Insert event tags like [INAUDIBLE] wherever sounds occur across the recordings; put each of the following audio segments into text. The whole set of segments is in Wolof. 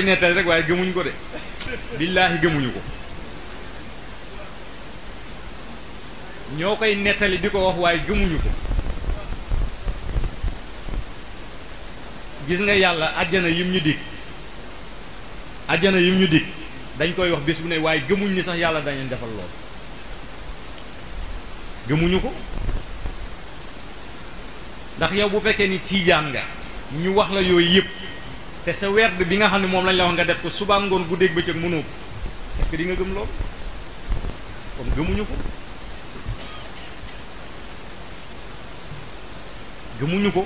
koy nettali rek waaye gëmuñ ko de billaahi gëmuñu ko ñoo koy nettali di ko wax waaye gëmuñu ko gis nga yàlla àjjana yim ñu dig àjjana yim ñu dig dañ koy wax bés bu ne waaye gëmuñ ni sax yàlla dañu defal lool gëmuñu ko ndax yow bu fekkee ni tiijaan nga ñu wax la yooyu yëpp te sa werd bi nga xam ne moom lañ la wax nga def ko subaa ngoon guddeeg bëccëg mënoo ko est-ce que di nga gëm loolu kon gëmuñu ko gëmuñu ko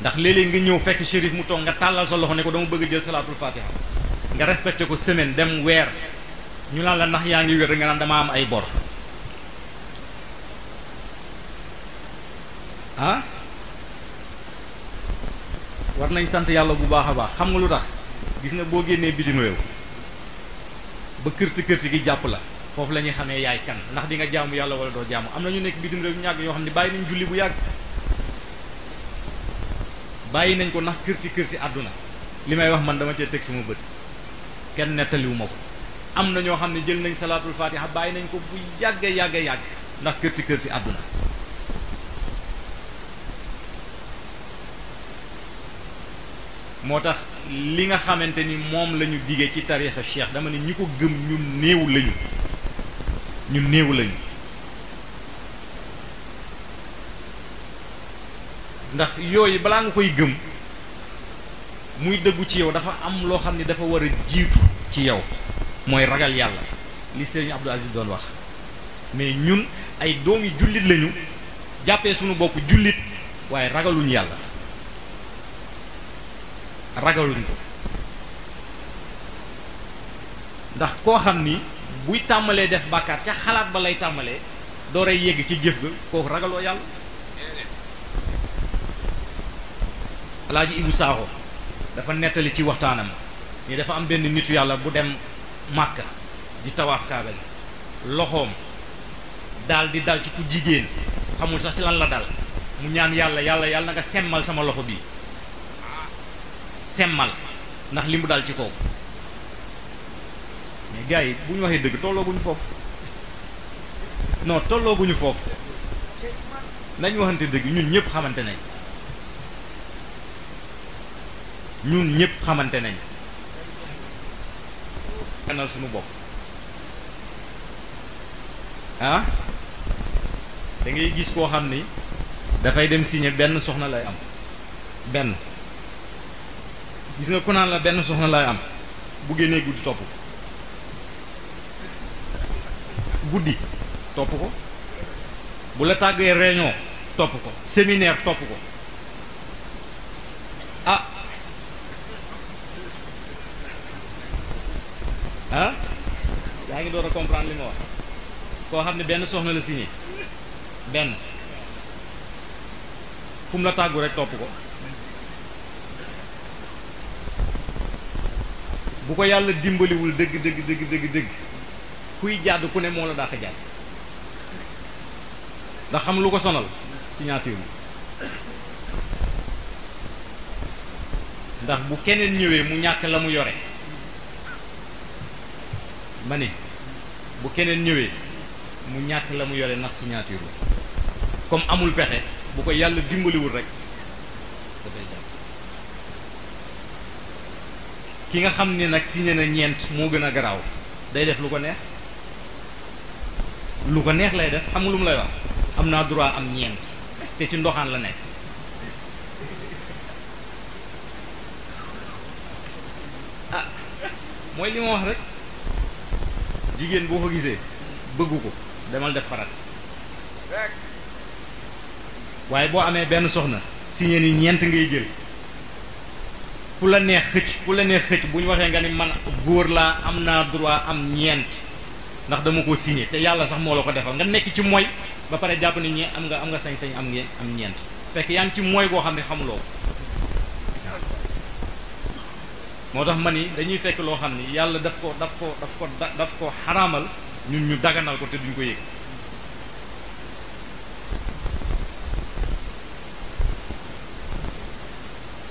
ndax léeg-léeg nga ñëw fekk shérif mu toog nga tàllal sa loxo ne ko dama bëgg jël salaatul fatiha nga respecté ko semaine dem weer ñu naan la nax yaa ngi wér nga naan dama am ay bor ah? war nañ sant yàlla bu baax a baax xam nga lu tax gis nga boo génnee bitim réew ba kërti kërti gi jàpp la foofu la ñuy xamee yaay kan ndax di nga jaamu yàlla wala doo jaamu am na ñu nekk bitim réew ñàgg yoo xam ne bàyyi nañ julli bu yàgg bàyyi nañ ko ndax kërti kërti àdduna li may wax man dama cee teg sama bët kenn nettaliwuma ko am na ñoo xam ne jël nañ salaatul fatiha bàyyi nañ ko bu yàgg yàgg yàgg ndax kërti kërti àdduna moo tax li nga xamante ni moom lañu ñu digee ci tarixa cheikh dama ne ñu ko gëm ñu néew lañu ñu néew lañu ndax yooyu balaa nga koy gëm muy dëggu ci yow dafa am loo xam ni dafa war a jiitu ci yow mooy ragal yàlla li sëriñ Abdou Aziz doon wax mais ñun ay doomi jullit lañu jàppee sunu bopp jullit waaye ragaluñu yàlla ragaluñ ko ndax koo xam ni buy tàmbalee def bàkkaar ca xalaat ba lay tàmbalee dooree yegg ci jëf ga kooku ragaloo yàlla alaaji ibu saaxo dafa nettali ci waxtaanam ni dafa am benn nitu yàlla bu dem màkka di tawaaf kaaba gi loxoom daal di dal ci ku jigéen xamul sax ci lan la dal mu ñaan yàlla yàlla yàlla na nga semmal sama loxo bii semmal ndax li mu dal ci kaw mais gars yi bu ñu waxee dëgg tollooguñu foofu non tollooguñu foofu nañ waxante dëgg ñun ñëpp xamante nañ ñun ñëpp xamante nañ kanal suñu bopp ah dangay gis koo xam ni dafay dem signé benn soxna lay am benn gis nga ku naan la benn soxna laay am bu génnee guddi topp ko guddi topp ko bu la tàggee réunion topp ko séminaire topp ko ah ah yaa ngi door a comprendre li ma koo xam ne benn soxna la signé benn fu la tàggu rek topp ko bu ko yàlla dimbaliwul dëgg dëgg dëgg dëgg dëgg kuy jàdd ku ne moo la daax a jàdd ndax xam lu ko sonal signature bi ndax bu keneen ñëwee mu ñàkk la mu yore ma bu keneen ñëwee mu ñàkk la mu yore ndax signature comme amul pexe bu ko yàlla dimbaliwul rek ki nga xam ne nag signé na ñeent moo gën a garaaw day def lu ko neex lu ko neex lay def xam lu mu lay wax am naa droit am ñeent te ci ndoxaan la nekk ah mooy li ma wax rek jigéen boo ko gisee bëgg ko demal def faral waaye boo amee benn soxna signé ni ñeent ngay jël ku la neex xëcc ku la neex xëcc bu ñu waxee nga ni man góor laa am naa droit am ñeent ndax dama ko signé te yàlla sax moo la ko defal nga nekk ci mooy ba pare jàpp ni ñee am nga am nga sañ-sañ am ngeen am ñeent fekk yaa ngi ci mooy boo xam ne xamuloo ko moo tax ma ni dañuy fekk loo xam ni yàlla daf ko daf ko daf daf ko xaraamal ñun ñu daganal ko te duñ ko yëg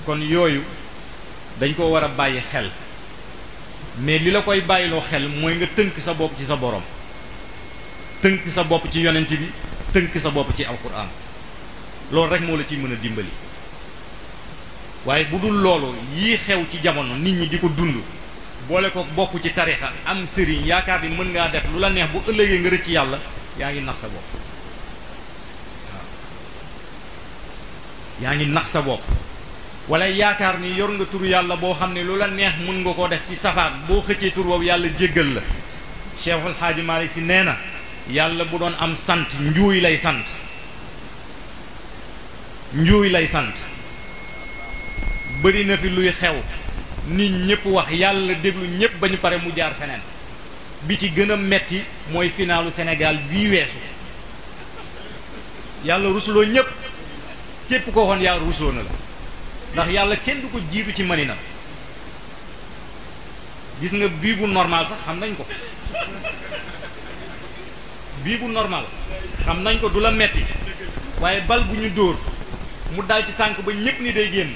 kon yooyu dañ ko war a bàyyi xel mais li la koy bàyyiloo xel mooy nga tënk sa bopp ci sa borom tënk sa bopp ci yonent bi tënk sa bopp ci alquran loolu rek moo la ci mën a dimbali waaye bu dul loolu yii xew ci jamono nit ñi di ko dund boole ko bokk ci tarixa am sëriñ yaakaar ni mën ngaa def lu la neex bu ëllëgee nga rëcc yàlla yaa ngi nax sa bopp waaw yaa ngi nax sa bopp wala yaakaar ni yor nga tur yàlla boo xam ne lu la neex mun nga koo def ci safaan boo xëccee tur woowu yàlla jéggal la Cheikhul Xaaji Malick si nee na yàlla bu doon am sant njuuy lay sant njuuy lay sant bëri na fi luy xew nit ñëpp wax yàlla déglu ñëpp ba ñu pare mu jaar feneen bi ci gën a metti mooy finaalu senegaal bii weesu yàlla rusuloo ñëpp képp koo xoon yàlla rusuloo na la ndax yàlla kenn du ko jiitu ci mëninam gis nga bii bu normal sax xam nañ ko bii bu normal xam nañ ko du la metti waaye bal bu ñu dóor mu dal ci tànk ba ñépp ni day génn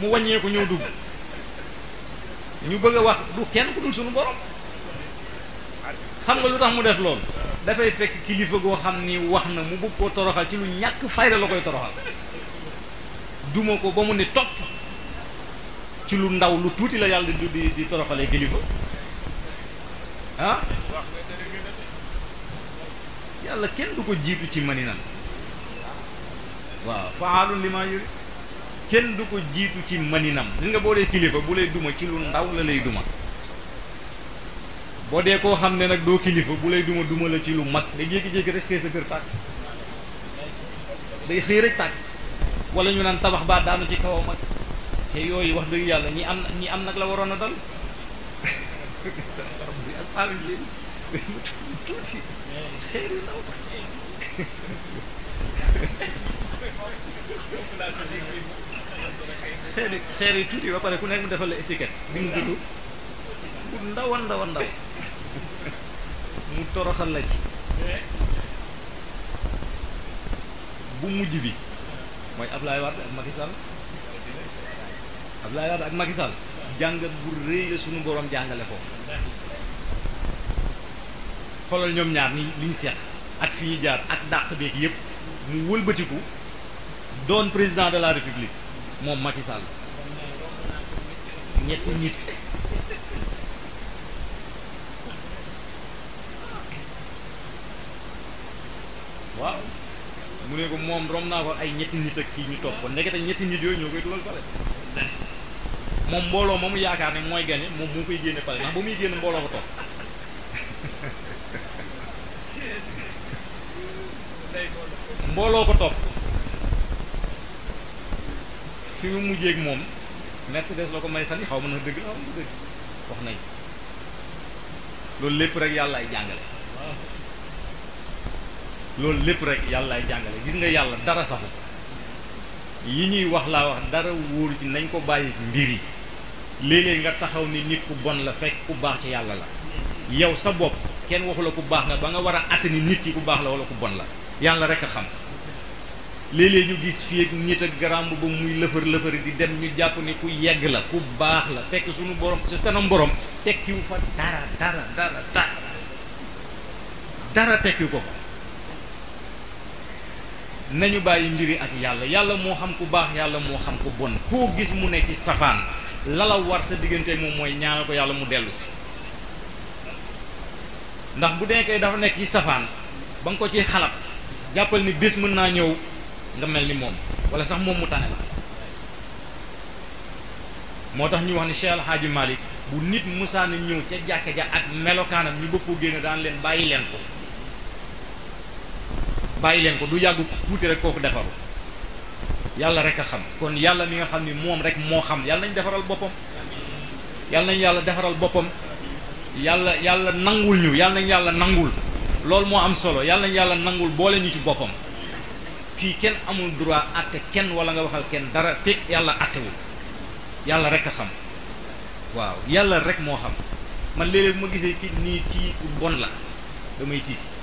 mu wàññee ko ñëw dugg ñu bëgg a wax du kenn ku dul suñu borom xam nga lu tax mu def loolu dafay fekk kilifa goo xam ni wax na mu bëgg koo toroxal ci lu ñàkk fayda la koy toroxal duma ko ba mu ne topp ci lu ndaw lu tuuti la yàlla di di di toroxalee kilifa ah yàlla kenn du ko jiitu ci maninan waaw faalun li maa kenn du ko jiitu ci maninam gis nga boo dee kilifa bu lay duma ci lu ndaw la lay duma boo dee koo xam ne nag doo kilifa bu lay duma duma la ci lu mag da jékki-jékki rek xëy sa kër tàkk day xëy rek tàkk wala ñu naan tabax baa daanu ci kawam ak te yooyu wax dëgg yàlla ñi am ñi am nag la waroon a dal asxaabi leen tuuti xeer yu ndaw xeeri tuuti ba pare ku nekk mu defal la étiquette bimu sulu bu ndaw a ndaw ndaw mu toroxal la ci bu mujj bi mooy Ablaye Wade ak Macky Sall Ablaye ak makisal jàngat bu rëy suñu borom jàngale ko xoolal ñoom ñaar ni li ñu seex ak fi ñuy jaar ak dàq beeg yëpp mu wëlbatiku doon président de la république moom Macky ñetti nit waaw mu ne ko moom rom naa ko ay ñetti nit ak kii ñu topp ko ndekete ñetti nit yooyu ñoo koy dugal pale moom mbooloo moomu yaakaar ne mooy gagné moom moo koy génne pale ndax ba muy génn mbooloo ko topp mbooloo ko topp fi mu mujjeeg moom Mercedes la ko may fan yi xaw ma na dëgg la ma na dëgg wax nañ loolu lépp rek yàlla ay jàngale loolu lépp rek yàlla jàngale gis nga yàlla dara safu yi ñuy wax laa wax dara wóoru ci nañ ko bàyyi mbir yi léeg-léeg nga taxaw ni nit ku bon la fekk ku baax ci yàlla la yow sa bopp kenn waxu la ku baax nga ba nga war a àtt ni nit ki ku baax la wala ku bon la yàlla rek a xam léeg ñu gis fii ak nit ak garamb ba muy lëfër lëfër di dem ñu jàpp ni ku yegg la ku baax la fekk sunu borom ci kanam borom tekkiwu fa dara dara dara dara dara tekkiwu ko nañu bàyyi mbiri ak yàlla yàlla moo xam ku baax yàlla moo xam ku bon koo gis mu ne ci safaan lala war sa diggante moom mooy ñaanal ko yàlla mu dellusi ndax bu deekee dafa nekk ci safaan ba nga ko ciy xalaat jàppal ni bés mën naa ñëw nga mel ni moom wala sax moom mu tane la moo tax ñu wax ni Cheikh El Hadji bu nit musaana ñëw ca jàkka ja ak melokaanam ñu bëgg ko génn daan leen bàyyi leen ko bàyyi leen ko du yàgg tuuti rek kooku defaru yàlla rek a xam kon yàlla mi nga xam ni moom rek moo xam yàlla nañ defaral boppam yàlla nañ yàlla defaral boppam yàlla yàlla nangul ñu yàlla yàlla nangul loolu moo am solo yàlla nañ yàlla nangul boole ñu ci boppam fii kenn amul droit àtte kenn walla nga waxal kenn dara fekk yàlla àttewul yàlla rek a xam waaw yàlla rek moo xam man léeg-léeg bu ma gisee kii nii kii ku bon la damay tiit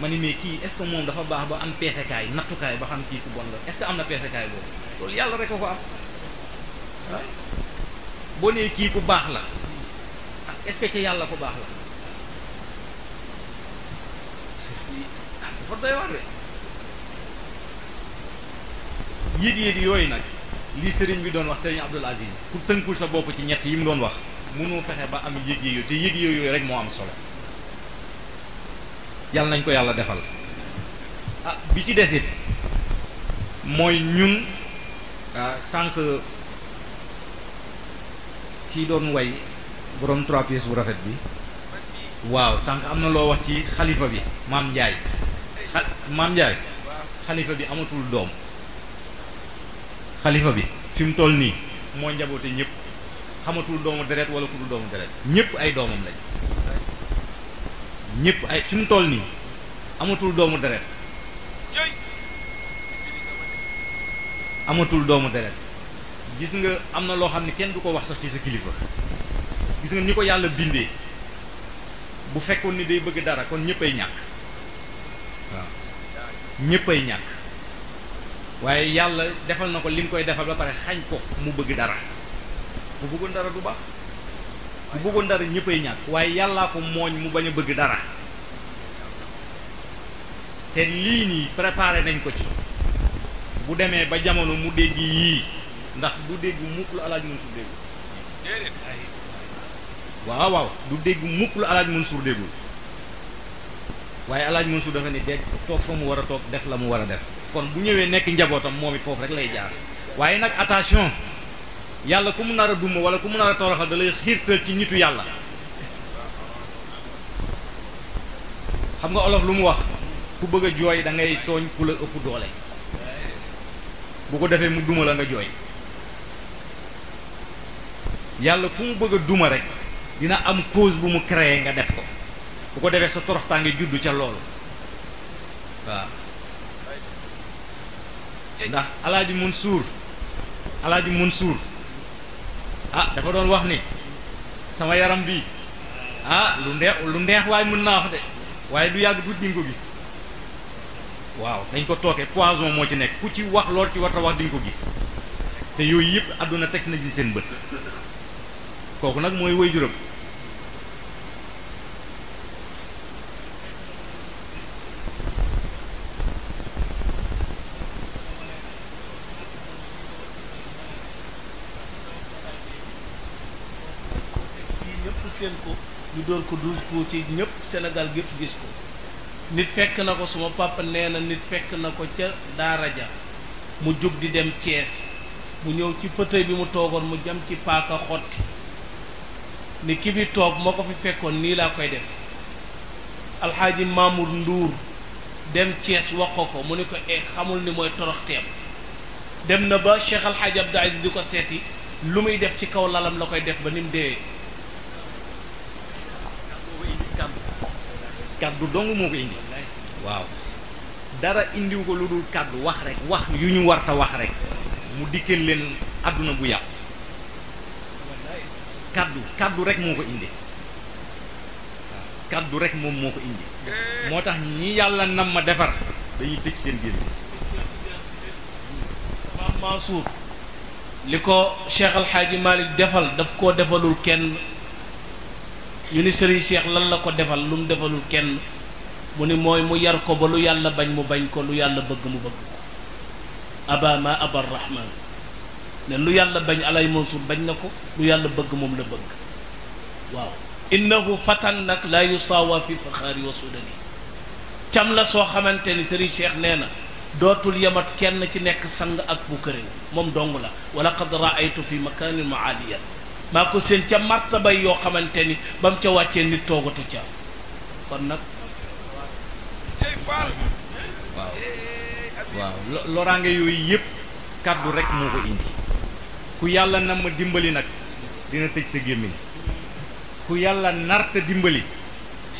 ma ni mais kii est-ce que moom dafa baax ba am peesekaay nattukaay ba xam kii ku bon la est-ce que am na peesekaay boobu loolu yàlla rek a ko am ah boo nee kii ku baax la ah est ca yàlla ko baax la ah dafa doy waar de yéeg yooyu nag li sëriñ bi doon wax sëriñ Abdul Aziz ku tënkul sa bopp ci ñett yi mu doon wax mënoo fexe ba am yëg yéeg yooyu te yéeg yooyu rek moo am solo yàlla nañ ko yàlla defal a ah, bi ci desit mooy ñun ah, sànq kii doon way borom trois pièces bu rafet bi waaw sànq am na loo wax ci xalifa bi maam Njaay maam Njaay xalifa bi amatul doom xalifa bi fi mu toll nii moo njaboote ñëpp xamatul doomu deret wala ku dul doomu deret ñëpp ay doomam lañ ñépp ay fi mu toll nii amatul doomu deret amatul doomu deret gis nga am na loo xam ne kenn du ko wax sax ci sa kilifa gis nga ni ko yàlla bindee bu fekkoon ni day bëgg dara kon ñëppay ñàkk waaw ñëppay ñàkk waaye yàlla defal na ko li mu koy defal ba pare xañ ko mu bëgg dara bu bëggoon dara du baax bu bëggoon dara ñëppay ñàkk waaye yàllaa ko mooñ mu bañ a bëgg dara te lii nii préparé nañ ko ci bu demee ba jamono mu dégg yii ndax du dégg mukk lu alaaj Mansour déggul waaw waaw du dégg alaaj Mansour déggul waaye alaaj Mansour dafa ne dégg toog fa mu war a toog def la mu war a def kon bu ñëwee nekk njabootam moom it foofu rek lay jaar waaye nag attention yàlla ku mu nar a duma wala ku mu nar a toroxal da lay xiirtal ci nitu yàlla xam nga olof lu mu wax ku bëgg a jooy da ngay tooñ ku la ëpp doole bu ko defee mu duma la nga jooy yàlla ku mu bëgg a duma rek dina am cause bu mu créer nga def ko bu ko defee sa toroxtaange juddu ca loolu waaw ndax alaaji Mansour mun Mansour ah dafa doon wax ni sama yaram bi ah lu neex lu neex waaye mën naa wax de waaye du yàgg tuuti di nga ko gis waaw dañ ko tooke poison moo ci nekk ku ci wax lool ci warta wax di nga ko gis te yooyu yëpp àdduna teg na nañ seen bët kooku nag mooy waajuram dóor ko douze coups ci ñëpp Sénégal gépp gis ko nit fekk na ko suma papa nee na nit fekk na ko ca daara ja mu jóg di dem cees mu ñëw ci fauteuil bi mu toogoon mu jam ci paaka xotti ni kii bi toog moo ko fi fekkoon nii laa koy def alxaaji Mamour nduur dem Thiès wax ko ko mu ne ko e xamul ni mooy toroxteem dem na ba Cheikh alxaaji Abdou Aziz di ko seeti lu muy def ci kaw lalam la koy def ba ni mu deewee kaddu dong moo ko indi waaw dara indiw ko lu dul kaddu wax rek wax yu ñu warta wax rek mu dikkal leen àdduna bu yàqu kàddu kàddu rek moo ko indi kàddu rek moom moo ko indi moo tax ñi yàlla nam ma defar dañuy tëj seen génn Maam Mansour li ko Cheikh Alxaaji Malik defal daf koo defalul kenn ñu ni sëriñ Cheikh lan la ko defal lu mu defalul kenn mu ni mooy mu yar ko ba lu yàlla bañ mu bañ ko lu yàlla bëgg mu bëgg ko aba ma aba rahman ne lu yàlla bañ alay Mansour bañ na ko lu yàlla bëgg moom la bëgg waaw innahu fatan nag la yusaawa fi faxaari wa sudani cam la soo xamante ni sëriñ Cheikh nee na dootul yamat kenn ci nekk sang ak bu këréw moom dong la wala qad raaytu fi makanin maaliya maa ko seen ca martaba yoo xamante ni ba mu ca wàccee nit toogatu ca kon nag waaw waaw loraange yooyu yëpp kàddu rek moo ko indi ku yàlla na dimbali nag dina tëj sa gémmiñ ku yàlla narta dimbali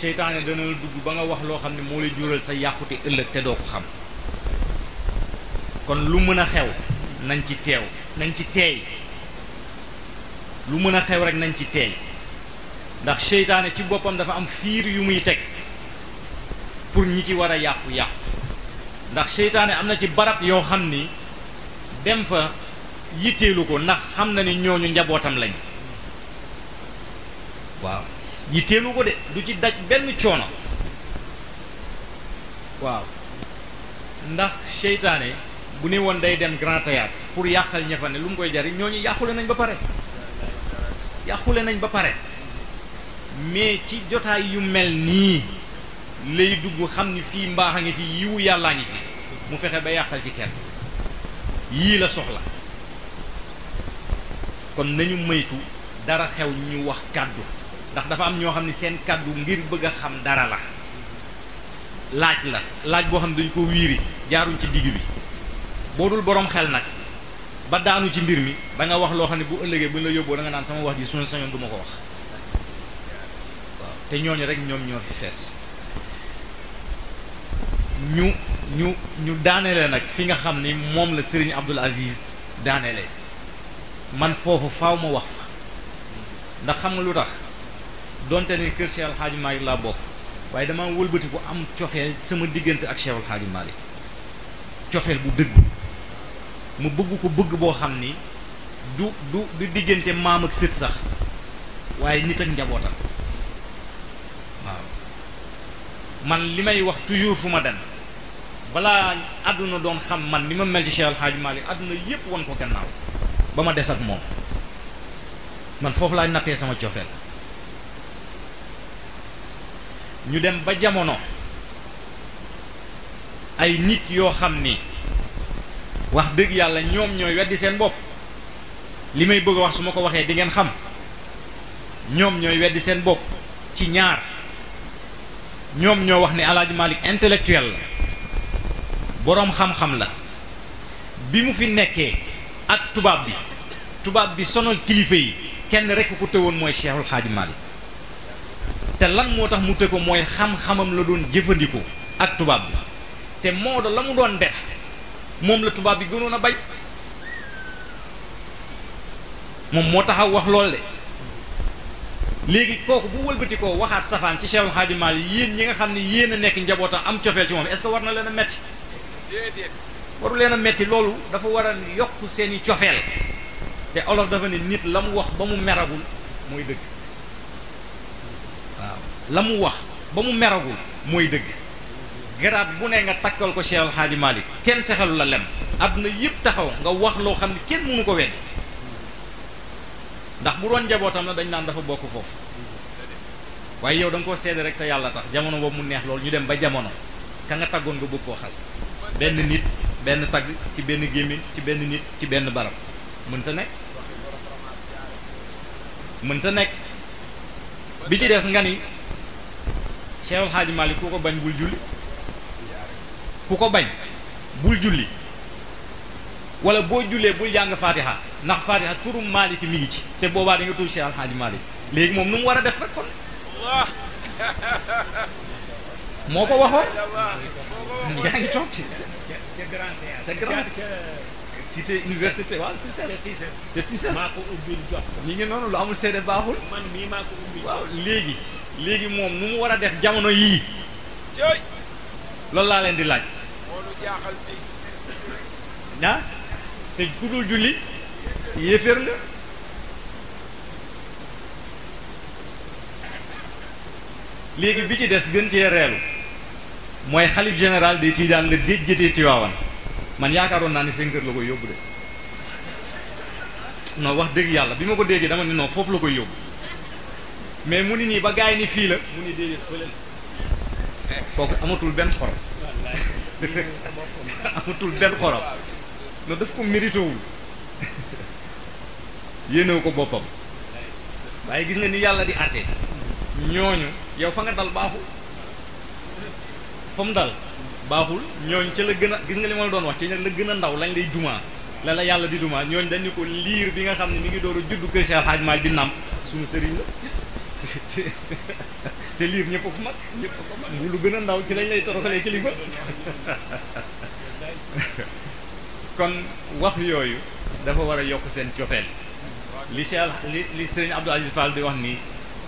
seytaane dana dugg ba nga wax loo xam ne moo lay jural sa yàqute ëllëg te doo ko xam kon lu mën a xew nañ ci teew nañ ci teey lu mën a xew rek nañ ci teey ndax seytaane ci boppam dafa am fiir yu muy teg pour ñi ci war a yàqu-yàqu ndax seytaane am na ci barab yoo xam ni dem fa yitteelu ko ndax xam na ni ñooñu njabootam lañ waaw yitteelu ko de du ci daj benn coono waaw ndax seytaane bu ne woon day dem grand théâtre pour yàqal ña fa ne lu mu koy jariñ ñooñu yàqule nañ ba pare yàqule nañ ba pare mais ci jotaay yu mel nii lay dugg xam ni fii mbaax a ngi fi yiwu yàllaa ngi fi mu fexe ba yàqal ci kenn yii la soxla kon nañu moytu dara xew ñu wax kàddu ndax dafa am ñoo xam ne seen kàddu ngir bëgg a xam dara la laaj la laaj boo xam ne dañu ko wiiri jaaruñ ci digg bi boo dul boroom xel nag ba daanu ci mbir mi da nga wax loo xam ne bu ëllëgee bu ñu la yóbboo da nga naan sama wax ji suñu sañoon du ma ko wax waaw te ñooñu rek ñoom ñoo fi fees ñu ñu ñu daaneele nag fi nga xam ni moom la Serigne Abdoul Aziz daaneele man foofu faw ma wax fa ndax xam na lu tax donte ne kër Cheikh Al Hadj laa bokk waaye damaa wëlbati bu am cofeel sama diggante ak Cheikh Al Hadj cofeel bu dëgg mu bëgg ko bëgg boo xam ni du du du diggante maam ak sët sax waaye nit ak njabootam waaw man li may wax toujours fu ma dem balaa àdduna doon xam man li ma mel ci Cheikh El Hadj Malick àdduna yépp won ko gannaaw ba ma des ak moom man foofu laay nattee sama cofeel ñu dem ba jamono ay nit yoo xam ni wax dëgg yàlla ñoom ñooy weddi seen bopp li may bëgg wax su ma ko waxee di ngeen xam ñoom ñooy weddi seen bopp ci ñaar ñoom ñoo wax ne Alaaji Malik intellectuel la boroom xam-xam la bi mu fi nekkee ak tubaab bi tubaab bi sonal kilifa yi kenn rekk ko te woon mooy Cheikhul Xaaji Malik te lan moo tax mu të ko mooy xam-xamam la doon jëfandikoo ak tubaab bi te Maodo la mu doon def moom la tubaab bi gënoon a bay moom moo taxaw wax lool de léegi kooku bu wëlbati koo waxaat safaan ci Cheikh Xaadim Maalik yéen ñi nga xam ne yéen nekk njabootam am cofeel ci moom est war na leen a metti waru leen a metti loolu dafa war a yokk seeni cofeel te olof dafa ne nit la mu wax ba mu meragul mooy dëgg waaw la mu wax ba mu meragul mooy dëgg garaat bu ne nga takkal ko Cheikh Al Hadj Malick kenn sexalu la lem na yëpp taxaw nga wax loo xam ne kenn mënu ko weddi ndax bu doon njabootam la dañ naan dafa bokk foofu waaye yow danga ko koo seede rek te yàlla tax jamono boobu mu neex loolu ñu dem ba jamono ka nga taggoon nga bëgg koo xas benn nit benn tagg ci benn gémmiñ ci benn nit ci benn barab mënta nekk mënta nekk bi ci des nga ni Cheikh Al Hadj ku ko bañ bul julli ku ko bañ bul julli wala boo jullee bul jàng fatiha ndax fatiha turum Malick mi ngi ci te boobaa da nga tudd Cheikh léegi moom nu mu war a def rek kon [LAUGHS] moo ko waxoon yaa ngi toog ci ca grand cité université waaw noonu lu amul seede baaxul waaw léegi léegi moom nu mu war a def jamono yii loolu laa leen di laaj jaaxal si na te ku dul julli yéeféer la léegi bi ci des gën cee reelu mooy xalif général de Tidiane la déjjatee Tiwaawan man yaakaaroon naa ni seen kër la koy yóbbu de non wax dëgg yàlla bi ma ko déggee dama ne foofu la koy yóbbu mais mu ni nii ba gaay ni fii la mu ni déedéet fële amatul benn xor [LAUGHS] amatul benn xorom no daf ko mérité wul yéenew ko boppam waaye gis nga ni yàlla di àtte ñooñu yow fa nga dal baaxul fa mu dal baaxul ñooñ ca la gën a gis nga li ma la doon wax ci la gën a ndaw lañ lay dumaa la la yàlla di dumaa ñooñ dañ ko liir bi nga xam ne mu ngi door a juddu kër Cheikh Hadj Malick di nàmp suñu sëriñ la [LAUGHS] te liir ñëpp ko mag ñëpp lu gën a ndaw ci lañ lay toroxalee kilifa kon wax yooyu dafa war a yokk seen cofeel li Cheikh li li sëriñ Abdou Aziz Fall di wax nii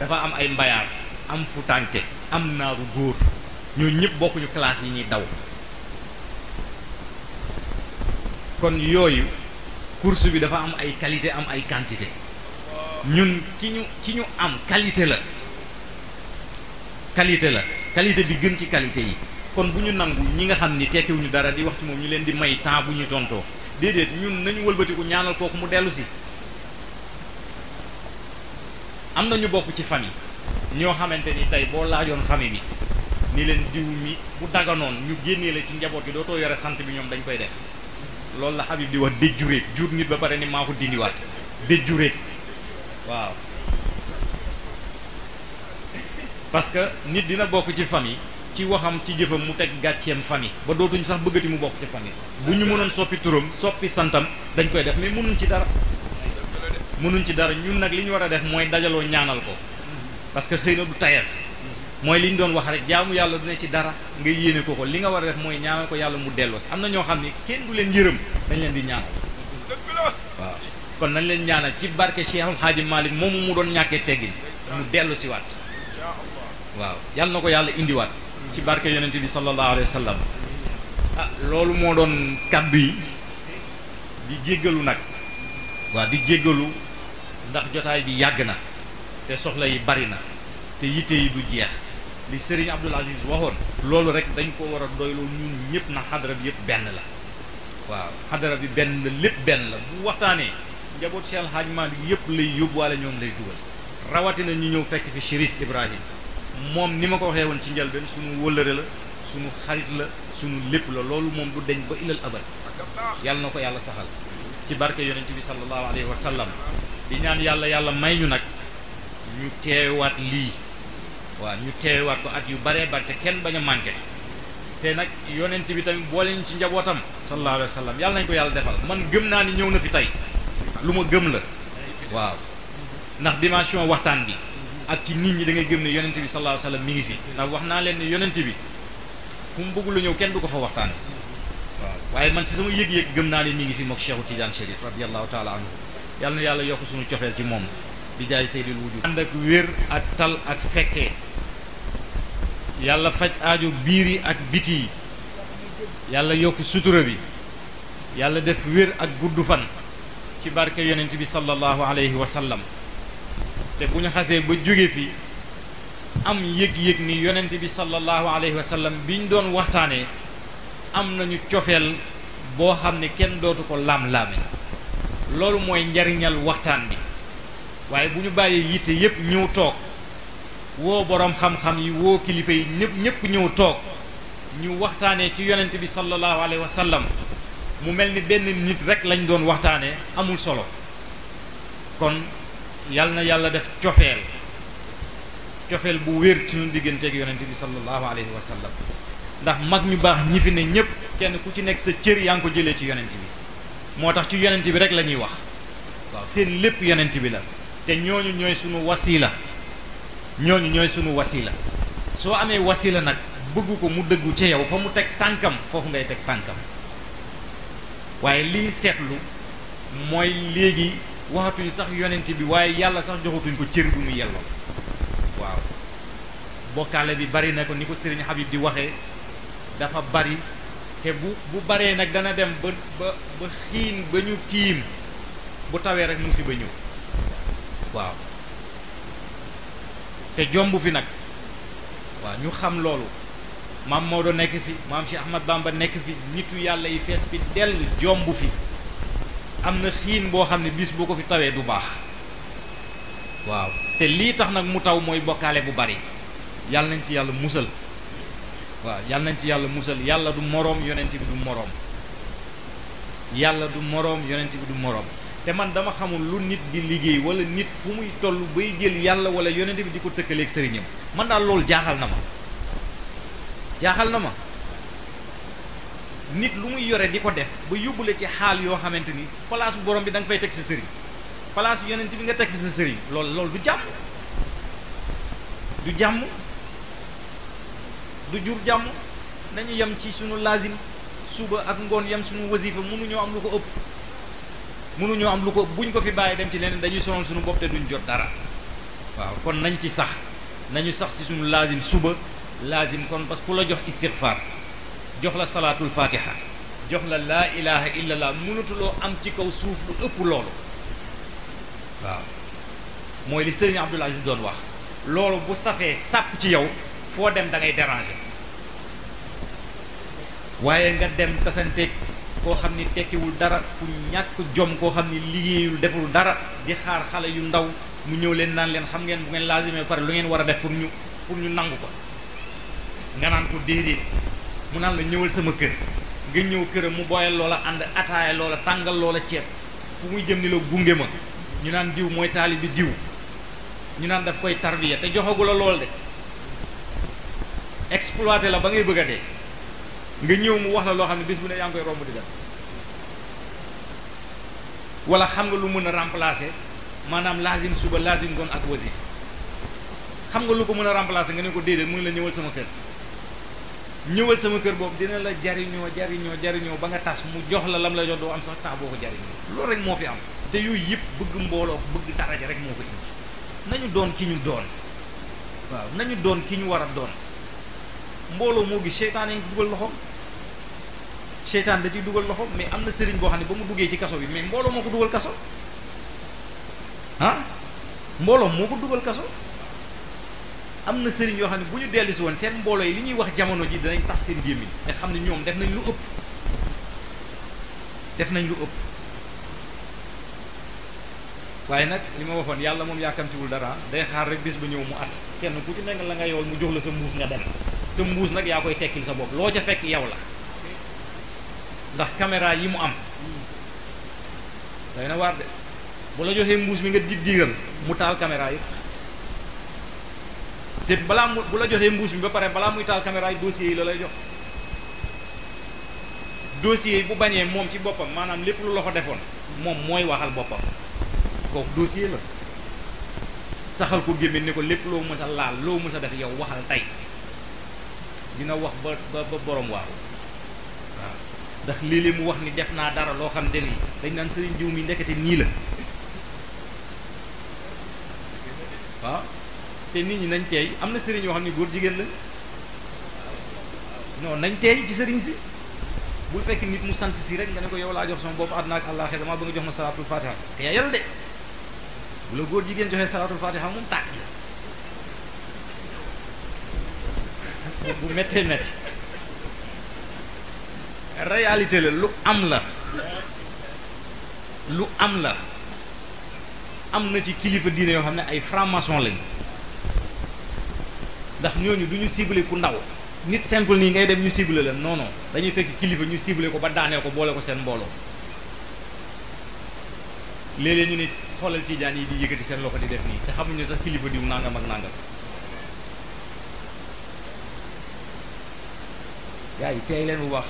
dafa am ay mbayaar am fu tànke am naaru góor ñoo ñëpp bokkuñu classe yi ñuy daw kon yooyu course bi dafa am ay qualité am ay quantité ñun ki ñu ki ñu am qualité la qualité la qualité bi gën ci qualité yi kon bu ñu nangu ñi nga xam ni tekkiwuñu dara di wax ci moom ñu leen di may temps bu ñu tontoo déedéet ñun nañu wëlbatiku ñaanal kooku mu dellu si am na ñu bokk ci famille ñoo xamante ni tey boo laajoon famille bi ni leen diw mi bu daganoon ñu génnee la ci njaboot yi dootoo yore sant bi ñoom dañ koy def loolu la Habib di wax déjuréet jur nit ba pare ni maa ko dindiwaat déjuréet waaw parce que nit dina bokk ci famille ci waxam ci jëfam mu teg gàcceem famille ba dootuñ sax bëggati mu bokk ci famille bu ñu mënoon soppi turam soppi santam dañ koy def mais mënuñ ci dara mënuñ ci dara ñun nag li ñu war a def mooy dajaloo ñaanal ko parce que xëy na du tayeef mooy li ñu doon wax rek jaamu yàlla du ci dara nga yéene ko ko li nga war a def mooy ñaanal ko yàlla mu delloo si am na ñoo xam ne kenn du leen jërëm dañ leen di ñaanal waaw kon nañ leen ñaanal ci barke Cheikh Al Hadji Malick moomu mu doon ñàkkee teggin mu dellu waaw yàlla na ko yàlla indiwaat ci barke yonent bi sallallahu alayhi wa sallam ah loolu moo doon kàddu yi di jéggalu nag waa di jéggalu ndax jotaay bi yàgg na te soxla yi bari na te yitte yi du jeex li Serigne Abdoul Aziz waxoon loolu rek dañ ko war a doyloo ñun ñëpp na xadara bi yëpp benn la waaw xadara bi benn lépp benn la bu waxtaanee njaboot Cheikh Hadj Malick yëpp lay yóbbuwaale ñoom lay dugal rawatina ñu ñëw fekk fi Chérif Ibrahim moom ni ma ko waxee woon ci njalbeen suñu wëllëre la suñu xarit la sunu lépp la loolu moom du deñ ba ilal abad yàlla na ko yàlla saxal ci barke yonent bi sallallahu alayhi wa sallam di ñaan yàlla yàlla may ñu nag ñu teewaat lii waaw ñu teewaat ko ak yu baree bare te kenn bañ a manqué te nag yonent bi tamit boole ñu ci njabootam sallallahu alayhi wa sallam yàlla nañ ko yàlla defal man gëm naa ni ñëw na fi tey lu ma gëm la waaw ndax dimension waxtaan bi ak ci nit ñi da ngay gëm ne yonent bi sallallahu alayhi mi ngi fi ndax wax naa leen ne yonent bi fu mu bëgg la ñëw kenn du ko fa waxtaane waaw waaye man si sama yëg-yëg gëm naa ne mi ngi fi mook Cheikhu Tidiane Chérif radiyallahu taala anhu yàlla yàlla yokk suñu cofeel ci moom bi jaay seydil wujud ànd ak wér ak tal ak fekkee yàlla faj aajo biir yi ak biti yi yàlla yokk sutura bi yàlla def wér ak gudd fan ci barke yonent bi sallallahu alayhi wa sallam te bu ñu xasee ba jóge fi am yëg-yëg ni yonent bi sallallahu alayhi wa sallam bi ñu doon waxtaanee am nañu cofeel boo xam ne kenn dootu ko laam-laame loolu mooy njariñal waxtaan bi waaye bu ñu bàyyee yitte yépp ñëw toog woo boroom xam-xam yi woo kilifa yi ñëpp ñëpp ñëw toog ñu waxtaanee ci yonent bi sallallahu alayhi wa sallam mu mel ni benn nit rek lañ doon waxtaanee amul solo yal na yàlla def cofeel cofeel bu wéer ci ñun digganteeg yonent bi sallallahu alayhi wa sallam ndax mag ñu baax ñi fi ne ñépp kenn ku ci nekk sa cër yaa ngi ko jëlee ci yonent bi moo tax ci yonent bi rek la ñuy wax waaw seen lépp yonent bi la te ñooñu ñooy sunu wasila ñooñu ñooy sunu wasila soo amee wasila nag bëggu ko mu dëggu ci yow fa mu teg tànkam foofu ngay teg tànkam waaye liy seetlu mooy léegi waxatuñ sax yonent bi waaye yàlla sax joxatuñ ko cër bu mu yelloo waaw bokkaale bi bari na ko ni ko sëriñ Habib di waxee dafa bari te bu bu baree nag dana dem ba ba ba xiin ba ñu tiim bu tawee rek musiba ñëw waaw te jomb fi nag waaw ñu xam loolu maam moo doo nekk fi maam Cheikh Ahmad Bamba nekk fi nitu yàlla yi fees fi dell jomb fi am na xiin boo xam ne biis boo ko fi tawee du baax waaw te lii tax nag mu taw mooy bokkaale bu bari yàlla nañ ci yàlla musal waaw yàlla nañ ci yàlla musal yàlla du moroom yonent bi du moroom yàlla du moroom yonent bi du moroom te man dama xamul lu nit di liggéey wala nit fu muy toll bay jël yàlla wala yonent bi di ko tëkkaleeg sëriñam man daal loolu jaaxal na ma jaaxal na ma nit lu muy yore di ko def ba yóbbule ci xaal yoo xamante ni place bu borom bi danga nga fay teg sa sëriñ place bu yonent bi nga teg fi sa sëriñ loolu loolu du jàmm du jàmm du jur jàmm nañu yem ci sunu lazim suba ak ngoon yem sunu wasifa mënuñoo am lu ko ëpp mënuñoo am lu ko ëpp buñ ko fi bàyyi dem ci leneen dañuy sonal sunu bopp te duñ jot dara waaw kon nañ ci sax nañu sax ci sunu lazim suba lazim kon parce que ku la jox istighfar jox la salaatul fatiha jox la laa ilaha illallah mënatuloo am ci kaw suuf lu ëpp loolu waaw mooy li sëriñ Abdul Aziz doon wax loolu bu safee sàpp ci yow foo dem dangay derange waaye nga dem tasanteeg koo xam ni tekkiwul dara ku ñàkk jom koo xam ni liggéeyul deful dara di xaar xale yu ndaw mu ñëw leen naan leen xam ngeen bu ngeen laazimee pare lu ngeen war a def pour ñu pour ñu nangu ko nga naan ko déedéet mu naan la ñëwal sama kër nga ñëw këram mu booyal loola ànd ataaya loola tàngal loola ceeb fu mu jëm ni la gunge ma ñu naan diw mooy taalibi diw ñu naan daf koy tarbiya te joxagu la lool de exploité la ba ngay bëgg a dee nga ñëw mu wax la loo xam ne bis bu ne yaa ngi koy romb di def wala xam nga lu mën a remplacer maanaam lazim suba lazim ngoon ak wasif xam nga lu ko mën a remplacer nga ne ko déedéet mu ne la ñëwal sama kër ñëwal sama kër boobu dina la jariñoo jariñoo jariñoo ba nga tas mu jox la lam la jox doo am sax tax boo ko jariñoo loolu rek moo fi am te yooyu yëpp bëgg mbooloo bëgg daraja rek moo ko indi nañu doon ki ñu doon waaw nañu doon ki ñu war a doon mbooloo moo gis seytaan yi dugal loxo seytaan da di dugal loxo mais am na sëriñ boo xam ne ba mu duggee ci kaso bi mais mbooloo moo ko dugal kaso ah mbooloo moo ko dugal kaso am na seriñ yoo xam ne bu ñu dellu si woon seen mbooloo yi li ñuy wax jamono ji danañ tax seen gémmiñ nga xam ne ñoom def nañ lu ëpp def nañ lu ëpp waaye nag li ma waxoon yàlla moom yàkkamtiwul dara day xaar rek bis ba ñëw mu at kenn ku ci nekk la nga yool mu jox la sa mbuus nga dem sa mbuus nag yaa koy tekkil sa bopp loo ca fekk yow la ndax caméra yi mu am day na waar de bu la joxee mbuus bi nga di diiral mu taal caméra yi te balaa mu bu la joxee mbuus mi ba pare balaa muy taal caméra yi dossiers yi la lay jox dossier yi bu bañee moom ci boppam maanaam lépp lu loxo defoon moom mooy waxal boppam kooku dossier la saxal ko gémmiñ ni ko lépp loo mën a laal loo mës a def yow waxal tey dina wax ba ba ba borom waaw waaw ndax léeg-léeg mu wax ni def naa dara loo xam te ni dañ naan sëriñ jiw mi ndekete nii la te nit ñi nañ teey am na sëriñ yoo xam ne góor jigéen la non nañ teey ci sëriñ si bul fekk nit mu sant si rek nga ne ko yow laa jox sama bopp àdduna ak àllaaxira damaa bëgg nga jox ma salaatul fatiha te yaa yàlla de bu la góor jigéen joxee salaatul fatiha moom tàkk la bu méttee métti réalité la lu am la lu am la am na ci kilifa diine yoo xam ne ay franc-maçon lañu ndax ñooñu du ñu ciblé ku ndaw nit simple nii ngay dem ñu ciblé la noonu non dañuy fekk kilifa ñu ciblé ko ba daaneel ko boole ko seen mbooloo léeg-léeg ñu ne xoolal tiijaan yi di yëkkati seen loxo di def nii te xamuñu sax kilifa diw nangam ak nangam. gars yi tey leen bu baax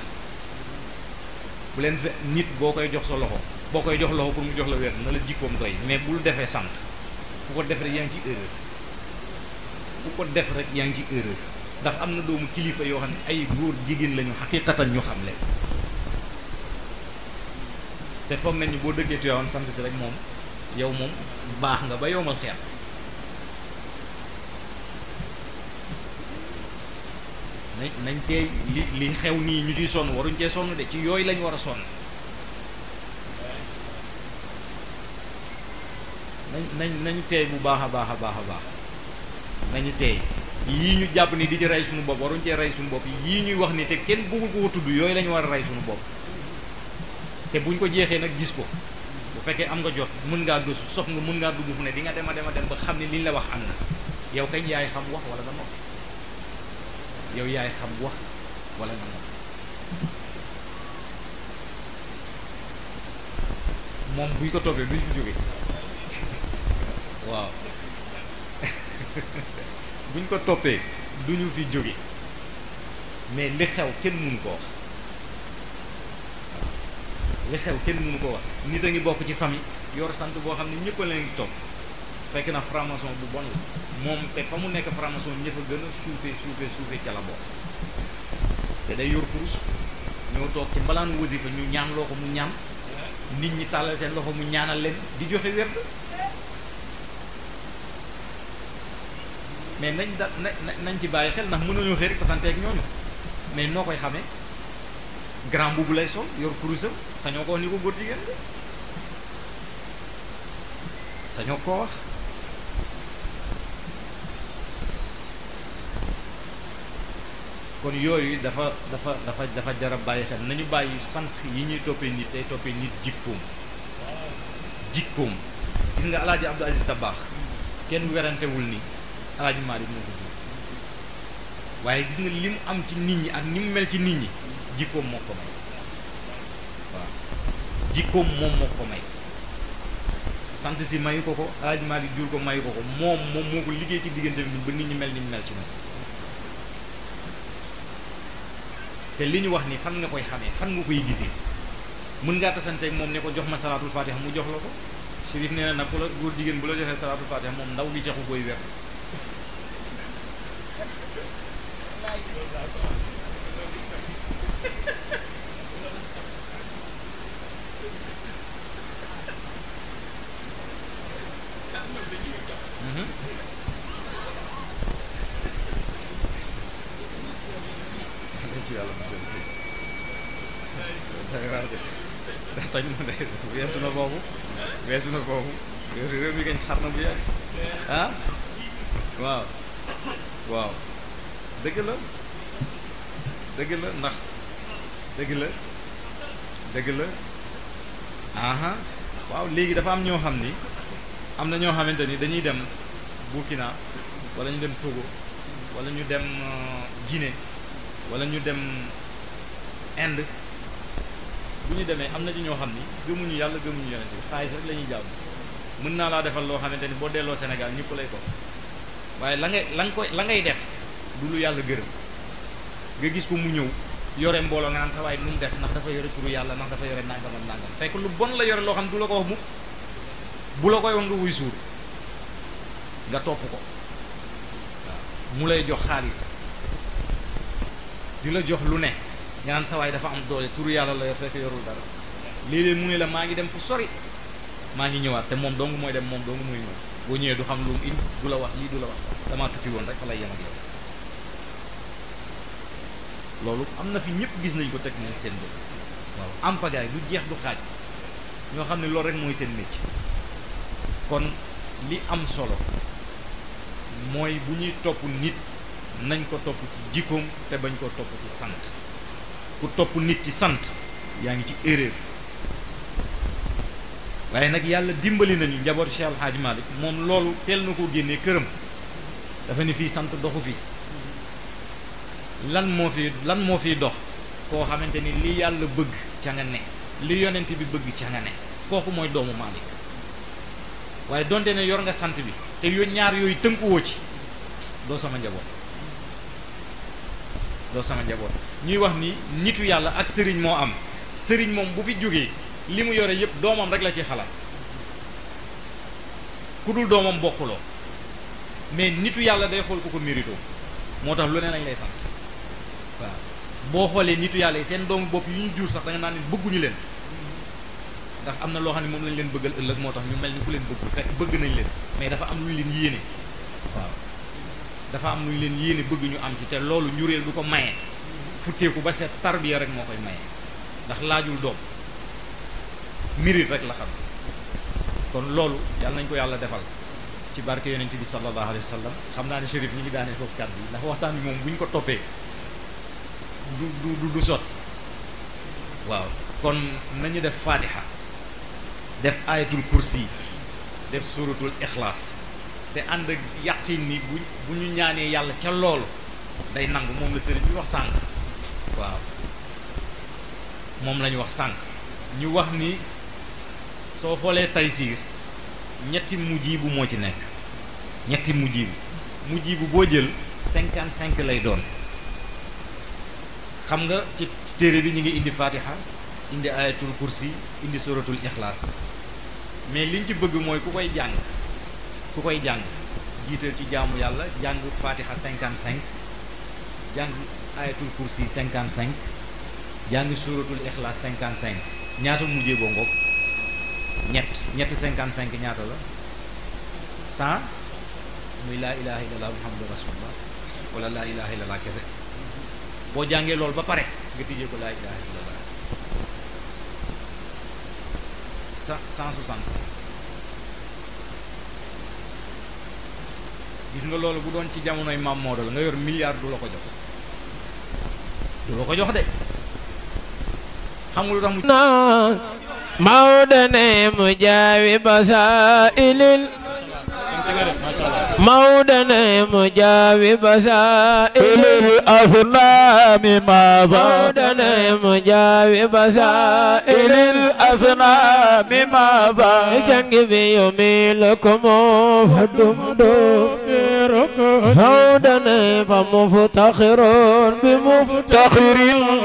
bu leen fe nit boo koy jox sa loxo boo koy jox loxo pour mu jox la wér na la jikkoom doy mais bul defee sant bu ko defee yaa ngi ci erreur. ku ko def rek yaa ngi ci erreur ndax am na doomu kilifa yoo xam ne ay góor jigéen lañu xaqiqatan ñu xam leen te foog nañ ni boo dëkkee Tivaouane sant si rek moom yow moom baax nga ba yowmal xeer nañ nañ tey li li xew nii ñu ciy sonn waruñ cee sonn de ci yooyu lañ war a sonn nañ nañ nañ tey bu baax a baax a baax a baax nañu teey yii ñu jàpp ni di ci rey suñu bopp waruñ cee rey suñu bopp yii ñuy wax ni te kenn bëggul ko tudd yooyu lañu war a rey suñu bopp te buñ ko jeexee nag gis ko bu fekkee am nga jot mën ngaa gëstu sopp nga mën ngaa dugg fu ne di nga dema dema dem ba xam ne liñ la wax am na yow kañ yaay xam wax wala na noppi yaay xam wax wala moom buñ ko toppee duñ ko jógee waaw [LAUGHS] buñ ko toppee du ñu fi jóge mais li xew kenn mënu ko wax li xew kenn mënu ko wax nit a ngi bokk ci famille yor sant boo xam ne ñëpp a leen ngi topp fekk na franc bu bon la moom te fa mu nekk franc-maçon ñëpp a gën a suufee suufee suufee ca la bokk te day yor kurus ñoo toog ci mbalaanu wasifa ñu ñaan loo ko mu ñaan nit ñi tàllal seen loxo mu ñaanal leen di joxe werd mais nañ da na nañ ci bàyyi xel ndax mënuñoo xëy rek tasante ak ñooñu mais noo koy xamee grand mbubb lay sol yor kurusam sañoo ko wax ni ko góor jigéen bi sañoo ko wax kon yooyu dafa dafa dafa dafa jara bàyyi xel nañu bàyyi sant yi ñuy toppee nit tey toppee nit jikkoom jikkoom gis nga alaaji Abdou Aziz Dabakh kenn werantewul nii alaaji Maalik moo ko jur waaye gis nga li mu am ci nit ñi ak ni mu mel ci nit ñi jikkoom moo ko may waaw jikkoom moom moo ko may sant si mayu ko ko alaaji Maalik jur ko mayu ko ko moom moom moo ko liggéey ci diggante bi ba nit ñi mel ni mu mel ci moom te li ñu wax nii fan nga koy xame fan nga koy gisee mën ngaa tasanteeg moom ne ko jox ma salaatul fatiha mu jox la ko Chérif nee na nag ku la góor jigéen bu la joxee salaatul fatiha moom ndaw li caxu koy toj na de weesu na boobu weesu na boobu réew mi gañ xar na bu yàgg ah waaw waaw dëgg la dëgg la ndax dëgg la dëgg la aha waaw léegi dafa am ñoo xam ni am na ñoo xamante ni dañuy dem Burkina wala ñu dem Togo wala ñu dem euh, Guinée wala ñu dem Inde bu ñu demee am na ci ñoo xam ni gëmuñu yàlla gëmuñu yonent bi xaalis rek la ñuy jàpp mën naa laa defal loo xamante ni boo delloo Sénégal ñëpp lay ko waaye la ngay la nga koy la ngay def du lu yàlla gërëm nga gis ko mu ñëw yore mbooloo nga naan sa waay nu mu def ndax dafa yore turu yàlla ndax dafa yore nangam ak nangam fekk lu bon la yore loo xam du la ko koy wax nga wuy suur nga topp ko mu lay jox xaalis di la jox lu ne nga naan sa waay dafa am doole turu yàlla la yor fekk yorul dara léeg-léeg mu ne la maa ngi dem fu sori maa ngi ñëwaat te moom dong mooy dem moom dong mooy ñëw boo ñëwee du xam lu mu du la wax lii du la wax damaa tukki woon rek fa lay yem ak yow loolu am na fi ñëpp gis nañ ko teg nañ seen bët waaw am pagaay du jeex du xaaj ñoo xam ne loolu rek mooy seen métier kon li am solo mooy bu ñuy topp nit nañ ko topp ci jikkoom te bañ koo topp ci sant ku topp nit ci sant yaa ngi ci erreur waaye nag yàlla dimbali nañu njabootu Cheikh Al Hadj moom loolu teel na koo génnee këram dafa ni fii sant doxu fi lan moo fi lan moo fi dox koo xamante ni li yàlla bëgg ca nga ne li yonent bi bëgg ca nga ne kooku mooy doomu Malick waaye donte ne yor nga sant bi te yoo ñaar yooyu tënkuwoo ci doo sama njaboot doo sama njaboot ñuy wax ni nitu yàlla ak sëriñ moo am sëriñ moom bu fi jógee li mu yore yëpp doomam rek la ci xalaat ku dul doomam bokkuloo mais nitu yàlla day xool ku ko mérito moo tax lu ne nañ lay sant waaw boo xoolee nitu yàlla yi seen doomu bopp yu ñu jur sax da naa ne bëgguñu leen ndax am na loo xam ne moom lañ leen bëggal ëllëg moo tax ñu mel ni ku leen bëggul fekk bëgg nañ leen mais dafa am lu ñu leen yéene waaw dafa am lu ñu leen yéene bëgg ñu am ci te loolu njureel du ko maye futteeku ba seet tarbiya rek moo koy maye ndax laajul doom mérite rek la xam kon loolu yàlla nañ ko yàlla defal ci barke yonent bi sallallahu alayhi wa sallam xam naa ne chérif ñi ngi daanee foofu kàddu yi ndax waxtaan bi moom bu ñu ko toppee du du du sotti waaw kon nañu def fatiha def ayatul kursi def suuratul ixlaas te ànd ak yàqin ni bu bu ñu ñaanee yàlla ca loolu day nangu moom la sëriñ bi wax sànq waaw moom la wax sànq ñu wax ni soo xoolee taysiir ñetti mujjibu moo ci nekk ñetti mujjibu mujjibu boo jël cinquante cinq lay doon xam nga ci téere bi ñu ngi indi fatiha indi ayatul kursi indi suratul ixlaas mais liñ ci bëgg mooy ku koy jàng ku koy jàng jiital ci jaamu yàlla jàng fatiha cinquante cinq jàng ayatul kursi cinquante cinq jàng suratul ixlaas cinquante cinq ñaata mujjee boo ngoog ñett cinquante cinq ñaata la cent muy laa ilaha illallah muhammadu rasulullah wala laa ilaha illallah kese boo jàngee loolu ba pare nga tijjee ko laa ilaha illallah cent soixante cinq gis nga loolu bu doon ci jamonoy maam Maodo la nga yor milliard du la ko jox du la ko jox de xamul tax mu mawda ne mu jaawi basaa'ilil mawda ne mu jaawi basaa'ilil asnaami ma mawda ne mu jaawi basaa'ilil أسنا مماذا جنگ بيومي لكم فدمدو هودنا فمفتخر بمفتخر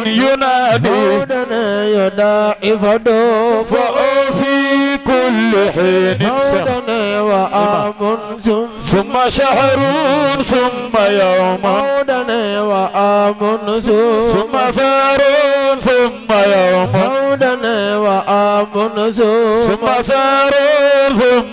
ينادي هودنا يدعي فدو فأوفي كل حين هودنا وآمن ثم شهر ثم يوم هودنا وآمن ثم ثار ثم يوم مولنا وآمن ثم سرور ثم